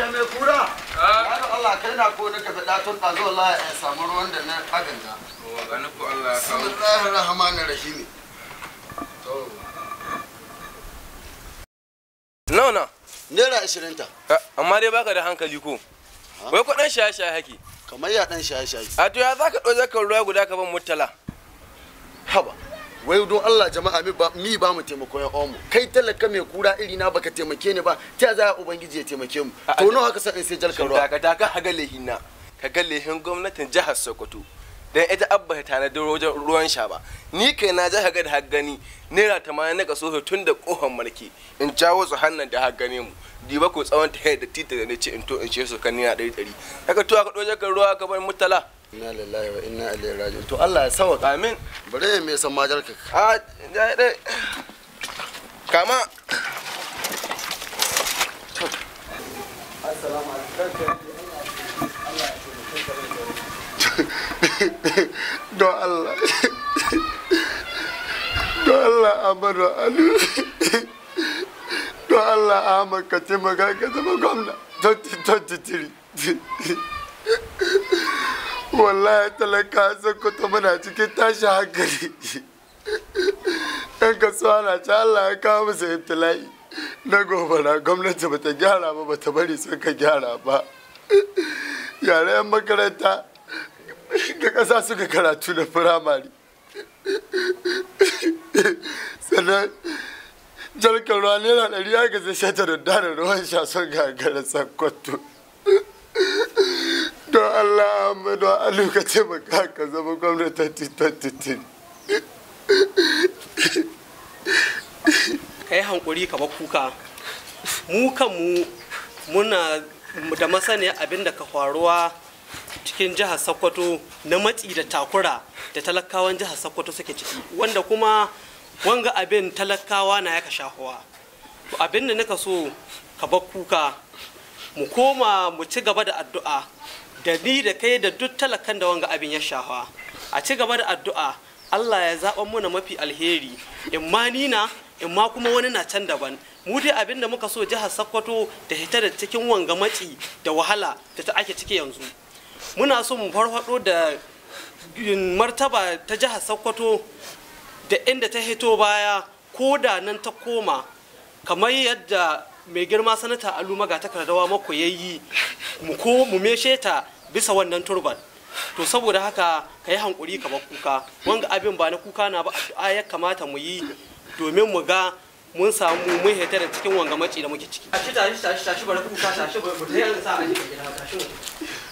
ta mai kura yaro Allah kai na ko nake faɗa tun ɗazu wallahi in samu ruwan da na aganga Allah ya kawo nawa na naira ashirin ta amma dai baka da hankali ko wai ko shaye shaye haki kamar ya shaye shaye a to ya zaka ɗau zakar ruwa guda ka ban murtala haba wai don Allah jama'a mi ba mi ba mu taimako ya omu kai talaka mai kura iri na baka taimake ni ba ta za ubangiji ya taimake mu to nawa ka san sai jalkar ruwa daga daga haga lehina ka ga lehin gwamnatin jihar Sokoto dan ita abba ta na wajen ruwan sha ba ni kai na jihar ga da haggani naira tamanin na kaso tun da kohon mulki in jawo su hannun da haggane mu diba ko tsawon ta da titi da ne ce in to in ce su kan naira ɗari ɗari to aka doje kan ruwa ka bar mutala inna lillahi wa inna ilaihi raji'un to Allah ya sauka amin bare me san majar ka a dai kama assalamu alaikum do Allah do Allah amara alu do Allah amara ka taimaka ka zama gwamna 2023 wallahi talaka sokoto muna cikin tashi hankali yan kasuwa na ci allah ya kawo musu ibtila'i na na gwamnati ba ta gyara ba ba ta bari sun ka gyara ba yaren makaranta da ƙasa suka karatu da firamare sannan jalkan ruwa naira ɗari ya gaza shata da ruwan shason gagarar sakkwato don Allah Ahmadu a lokacin baka ka zama gwamnatin 2023 ka yi hankuri ka kuka mu kanmu muna da masaniya abinda ka faruwa cikin jihar sokoto na matsi da takura da talakawan jihar sokoto suke ciki wanda kuma wanga abin talakawa na ya ka shahuwa abin da nika so ka kuka mu koma mu ci gaba da addu'a da ni da kai da duk talakan da wanga abin ya shafa a ci gaba da addu'a Allah ya zaɓa na mafi alheri in ma ni in ma kuma wani na can daban mu dai abin da muka so jihar Sokoto da hita da cikin wanga matsi da wahala da ta ake ciki yanzu muna so mu farfado da martaba ta jihar Sokoto da inda ta hito baya ko da nan ta koma kamar yadda mai girma sanata alu maga takardawa mako ya mu ko mu meshe ta bisa wannan turban to saboda haka ka yi hankuri ka kuka wanga abin ba na kuka na ba a ya kamata mu yi domin mu ga mun samu mun heta da cikin wanga maci da muke ciki tashi tashi tashi bari kuka tashi bari sa a tashi